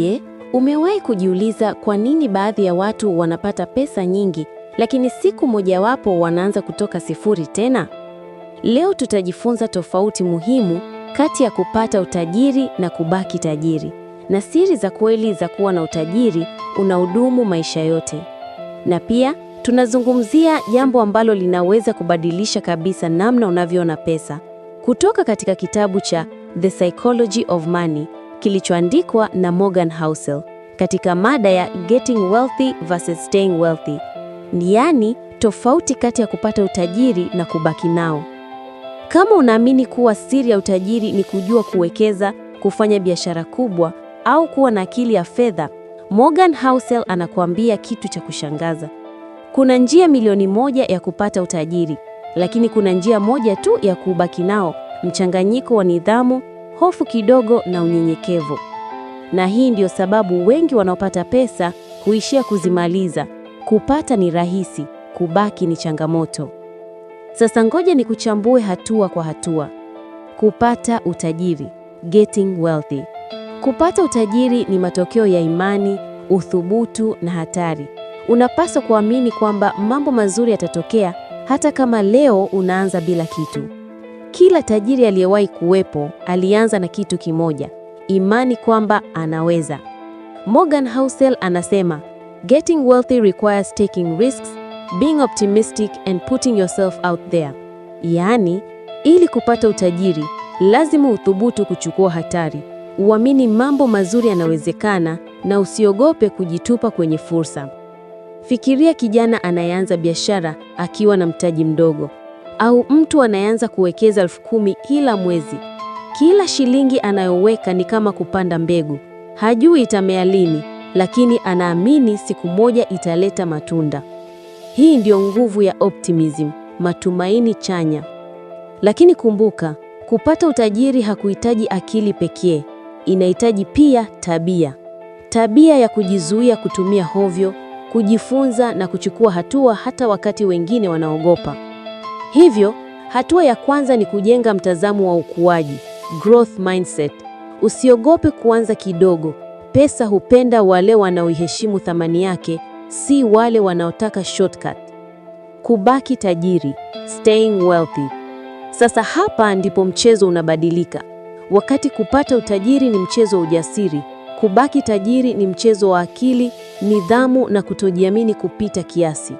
Je, umewahi kujiuliza kwa nini baadhi ya watu wanapata pesa nyingi lakini siku mojawapo wanaanza kutoka sifuri tena? Leo tutajifunza tofauti muhimu kati ya kupata utajiri na kubaki tajiri na siri za kweli za kuwa na utajiri unaodumu maisha yote. Na pia tunazungumzia jambo ambalo linaweza kubadilisha kabisa namna unavyoona pesa, kutoka katika kitabu cha The Psychology of Money kilichoandikwa na Morgan Housel katika mada ya Getting Wealthy versus Staying Wealthy, ni yaani tofauti kati ya kupata utajiri na kubaki nao. Kama unaamini kuwa siri ya utajiri ni kujua kuwekeza, kufanya biashara kubwa au kuwa na akili ya fedha, Morgan Housel anakuambia kitu cha kushangaza. Kuna njia milioni moja ya kupata utajiri, lakini kuna njia moja tu ya kubaki nao, mchanganyiko wa nidhamu, hofu kidogo na unyenyekevu. Na hii ndiyo sababu wengi wanaopata pesa huishia kuzimaliza. Kupata ni rahisi, kubaki ni changamoto. Sasa ngoja ni kuchambue hatua kwa hatua. Kupata utajiri, getting wealthy. Kupata utajiri ni matokeo ya imani, uthubutu na hatari. Unapaswa kuamini kwamba mambo mazuri yatatokea hata kama leo unaanza bila kitu. Kila tajiri aliyewahi kuwepo alianza na kitu kimoja, imani kwamba anaweza. Morgan Housel anasema, getting wealthy requires taking risks, being optimistic and putting yourself out there. Yaani, ili kupata utajiri lazima uthubutu kuchukua hatari, uamini mambo mazuri yanawezekana na usiogope kujitupa kwenye fursa. Fikiria kijana anayeanza biashara akiwa na mtaji mdogo au mtu anayeanza kuwekeza elfu kumi kila mwezi. Kila shilingi anayoweka ni kama kupanda mbegu, hajui itamea lini, lakini anaamini siku moja italeta matunda. Hii ndiyo nguvu ya optimism, matumaini chanya. Lakini kumbuka, kupata utajiri hakuhitaji akili pekee, inahitaji pia tabia, tabia ya kujizuia kutumia hovyo, kujifunza na kuchukua hatua hata wakati wengine wanaogopa. Hivyo, hatua ya kwanza ni kujenga mtazamo wa ukuaji, growth mindset. Usiogope kuanza kidogo. Pesa hupenda wale wanaoiheshimu thamani yake, si wale wanaotaka shortcut. Kubaki tajiri, staying wealthy. Sasa hapa ndipo mchezo unabadilika. Wakati kupata utajiri ni mchezo wa ujasiri, kubaki tajiri ni mchezo wa akili, nidhamu na kutojiamini kupita kiasi.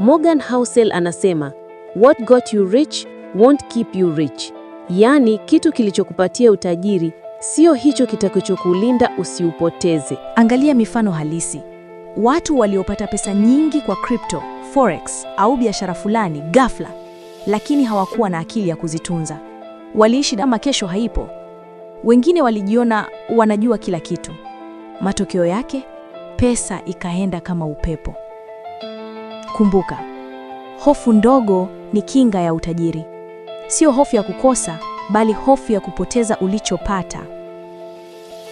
Morgan Housel anasema What got you rich won't keep you rich, yaani kitu kilichokupatia utajiri sio hicho kitakachokulinda usiupoteze. Angalia mifano halisi. Watu waliopata pesa nyingi kwa crypto, forex au biashara fulani ghafla, lakini hawakuwa na akili ya kuzitunza. Waliishi kama kesho haipo. Wengine walijiona wanajua kila kitu. Matokeo yake, pesa ikaenda kama upepo. Kumbuka, hofu ndogo ni kinga ya utajiri, sio hofu ya kukosa, bali hofu ya kupoteza ulichopata,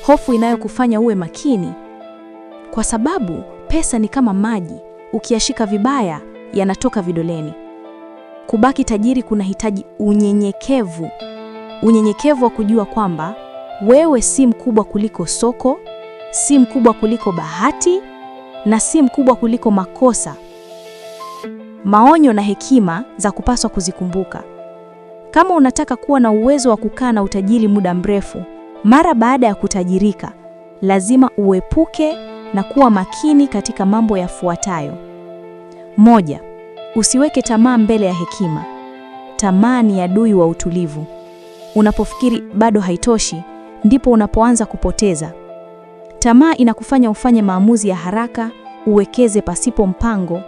hofu inayokufanya uwe makini, kwa sababu pesa ni kama maji, ukiyashika vibaya yanatoka vidoleni. Kubaki tajiri kunahitaji unyenyekevu, unyenyekevu wa kujua kwamba wewe si mkubwa kuliko soko, si mkubwa kuliko bahati na si mkubwa kuliko makosa maonyo na hekima za kupaswa kuzikumbuka. Kama unataka kuwa na uwezo wa kukaa na utajiri muda mrefu, mara baada ya kutajirika, lazima uepuke na kuwa makini katika mambo yafuatayo. Moja, usiweke tamaa mbele ya hekima. Tamaa ni adui wa utulivu. Unapofikiri bado haitoshi, ndipo unapoanza kupoteza. Tamaa inakufanya ufanye maamuzi ya haraka, uwekeze pasipo mpango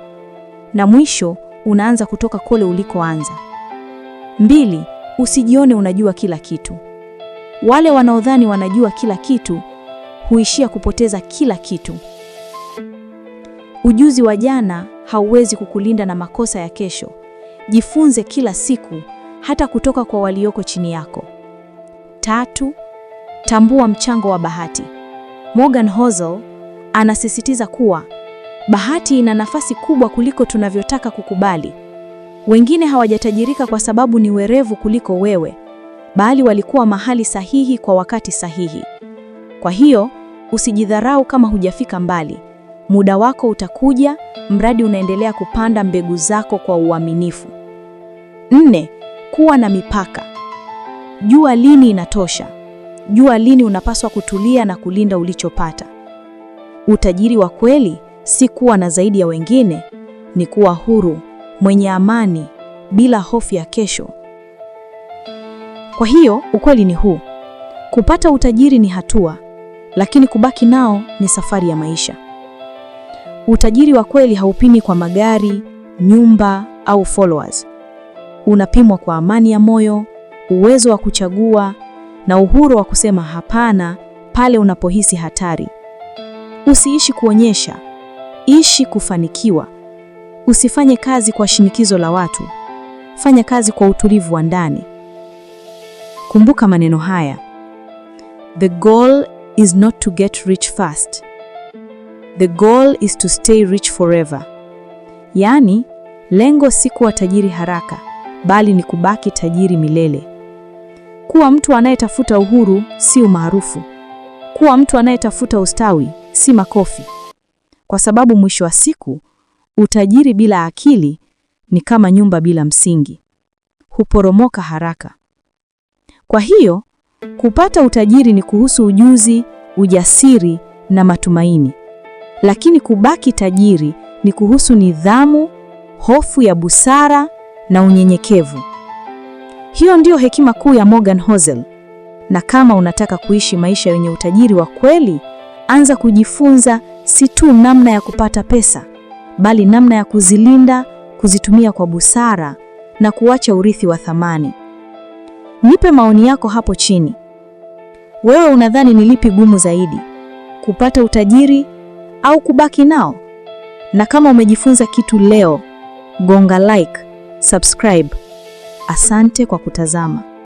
na mwisho unaanza kutoka kule ulikoanza. Mbili, usijione unajua kila kitu. Wale wanaodhani wanajua kila kitu huishia kupoteza kila kitu. Ujuzi wa jana hauwezi kukulinda na makosa ya kesho. Jifunze kila siku, hata kutoka kwa walioko chini yako. Tatu, tambua mchango wa bahati. Morgan Housel anasisitiza kuwa Bahati ina nafasi kubwa kuliko tunavyotaka kukubali. Wengine hawajatajirika kwa sababu ni werevu kuliko wewe, bali walikuwa mahali sahihi kwa wakati sahihi. Kwa hiyo, usijidharau kama hujafika mbali. Muda wako utakuja, mradi unaendelea kupanda mbegu zako kwa uaminifu. Nne, kuwa na mipaka. Jua lini inatosha. Jua lini unapaswa kutulia na kulinda ulichopata. Utajiri wa kweli si kuwa na zaidi ya wengine, ni kuwa huru, mwenye amani, bila hofu ya kesho. Kwa hiyo ukweli ni huu: kupata utajiri ni hatua, lakini kubaki nao ni safari ya maisha. Utajiri wa kweli haupimi kwa magari, nyumba au followers. Unapimwa kwa amani ya moyo, uwezo wa kuchagua na uhuru wa kusema hapana pale unapohisi hatari. Usiishi kuonyesha, Ishi kufanikiwa. Usifanye kazi kwa shinikizo la watu. Fanya kazi kwa utulivu wa ndani. Kumbuka maneno haya. The goal is not to get rich fast. The goal is to stay rich forever. Yaani, lengo si kuwa tajiri haraka, bali ni kubaki tajiri milele. Kuwa mtu anayetafuta uhuru si umaarufu. Kuwa mtu anayetafuta ustawi si makofi kwa sababu mwisho wa siku utajiri bila akili ni kama nyumba bila msingi, huporomoka haraka. Kwa hiyo kupata utajiri ni kuhusu ujuzi, ujasiri na matumaini, lakini kubaki tajiri ni kuhusu nidhamu, hofu ya busara na unyenyekevu. Hiyo ndiyo hekima kuu ya Morgan Housel. Na kama unataka kuishi maisha yenye utajiri wa kweli, anza kujifunza si tu namna ya kupata pesa, bali namna ya kuzilinda, kuzitumia kwa busara na kuacha urithi wa thamani. Nipe maoni yako hapo chini. Wewe unadhani ni lipi gumu zaidi, kupata utajiri au kubaki nao? Na kama umejifunza kitu leo, gonga like, subscribe. Asante kwa kutazama.